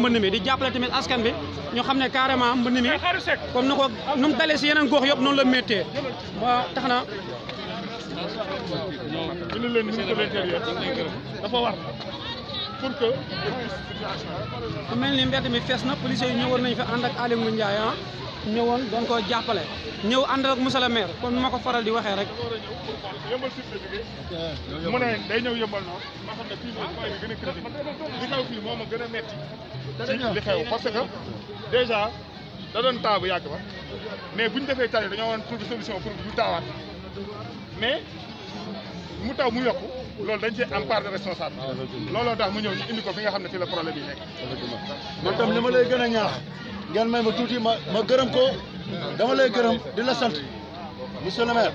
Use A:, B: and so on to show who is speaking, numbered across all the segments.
A: mbënd mi di jàppale tamit askan bi ñu xam ne carrément mbënn mi comme nu ko nu mu dalee si yeneen gox yëpp noonu la méttee ba tax na ñu ne leen ministre de dafa war ku mel ni mbedd mi fees na police yi ñëwoon nañu fi ànd ak Aliou Ndiaye ah ñëwoon doon koo jàppale ñëw àndal ak monsieur le maire comme ma ko faral di waxee rek.
B: mu a day ñëw yëmbal noor ma xam ne fii mooy point bi gën a critique li fii moo ma gën a metti ci li xew parce que déjà da doon taa bu yàgg ba mais bu ñu defee tari dañoo waroon trouver solution pour bu taawaat mu taw mu yokku loolu dañ cee am part de responsable ah, looloo mu ñëw ñu indi ko fi nga xam ne fii la problème yi nekk. man tam li ma lay gën a ñaax. ngeen may ma tuuti ma ma gërëm ko dama lay gërëm di la sant monsieur le maire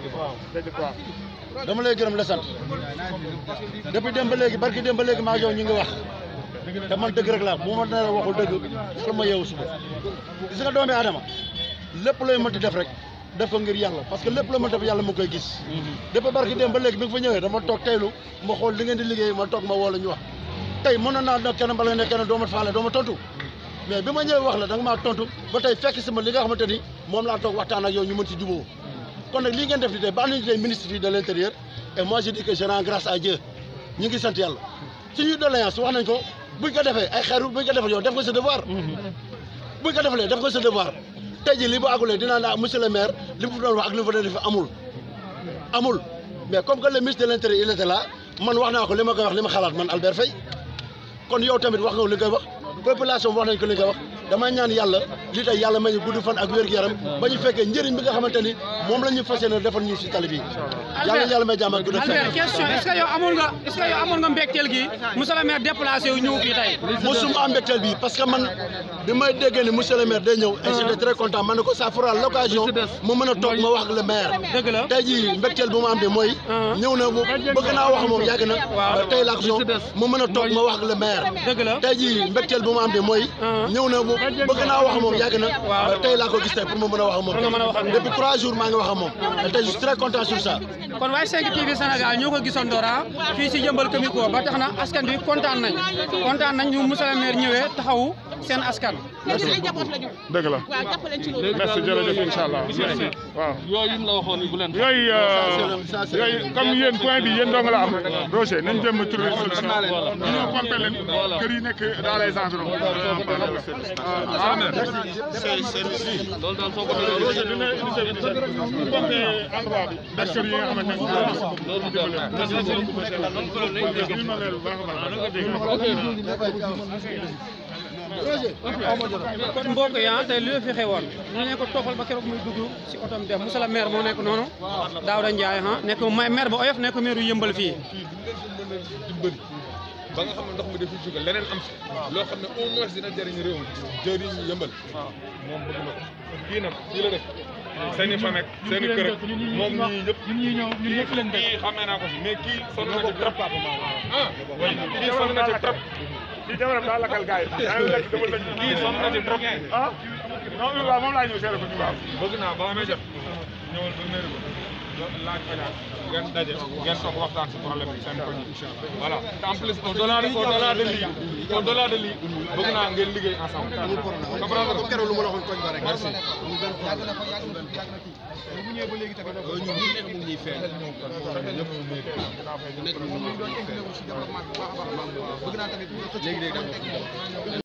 B: dama lay gërëm la sant depuis dem ba légui barki dem ba légui ma jow ñi nga wax te man dëgg rek la bu ma dara waxul dëgg sama ma suba gis nga doomi adama lepp loy mënta def rek def ko ngir yalla parce que lepp lo mënta def yalla mo koy gis depuis barki dem ba légui bi nga fa ñëwé dama tok teylu ma xol li ngeen di liggéey ma tok ma woo ñu wax tay mën na naa kenn bala ne kenn doomu faalé doomu tontu mais bi ma ñëwee wax la da nga maa tontu ba tey fekk si ma li nga xamante ni moom laa toog waxtaan ak yow ñu mën si jubóo kon nag lii ngeen def di tey baax nañu tey ministre de l' intérieur et moi je dis que je rends grâce à ñu ngi sant yàlla suñuy doléance wax nañ ko buñ ko defee ay xeeru buñ ko defee yow def nga sa devoir buñ ko defalee def nga sa devoir tey jii li bu àggulee dinaa naa monsieur le maire li mu doon wax ak li mu fa doon amul amul mais comme que le ministre de l' intérieur il li ma koy wax ma xalaat population bi wax nañ ko damay ñaan yàlla lii tey yàlla may fan ak wér-gu-yaram ba ñu njëriñ bi nga moom la ñu fas yéene defal si tali bi yàlla yàlla may jàmm ak gudd nga est gi monsieur le maire déplacé wu ñëw fii bi parce man bi may déggee ni monsieur le maire day ñëw et j'étais très man ne ko ça fera mu mën a toog ma wax ak le maire dëgg la tey jii mbégteel bu ma bi mooy ah. ñëw na bëgg a toog ma bu ma ah. wax moom yàgg na tey laa ko gis tey pour ma mën a wax ak moom depuis trois jours maa ngi wax ak tey je suis très content
A: kon waaye 5 TV Sénégal ñoo ko gisandoora ah. fii si jëmbal kamiko ba tax na askan bi kontaan nañ kontaan nañ ñu monsieur le maire ñëwee taxawu seen askan. merci beaucoup ay njaboot la ñu. dëgg la waaw jàppale ci loolu. merci jërëjëf incha allah merci waaw. yooyu la waxoon bu leen. yooyu yooyu comme yéen point bi yéen dong la am.
B: Roger nañ jëm trouver solution. ñu ñëw
A: pompé leen kër yi nekk
B: dans les environs. loolu daal soo ko déggee. Roger dina pompé endroit bi.
A: ak kër yi nga xamante ne loolu dimbali. merci beaucoup. kon mbokk yaa ah, tey li fi xewoon ñu ne ko toppal ba keroog muy dugg si otom def Moussa la maire moo nekk noonu Daouda Ndiaye ah nekk maire ba oyof nekk maire yu fii ba nga xam ne ndox mi dafa jóge leneen am
B: loo xam ne au moins dina jëriñ réew mi jëriñ yëmbal moom bëgg na ko kii nag fii la def seen i fan ak seen i kër ak moom ñii
A: ñëpp ñii ñëpp leen def kii xamee naa ko si mais kii sonn na ci trop ah kii sonn na ci trop Jabaram daal lakkal gars yi. yaa ngi lekk dama lekk lii sonn na ci trop. ah non waaw moom laa ñëw seere ko ci waaw. bëgg naa ba amee jot ñëwal ba mairie ba. laaj ménage ngeen daje ngeen toog waxtaan si problème bi seen koñ incha allah voilà de lii au delà de lii la waxoon koñ ba rek. merci. yàgg na fa yàgg na yàgg na
B: kii bu
A: ñëwee ba léegi tamit ñun ñu nekk mu ngi fee nekk mu a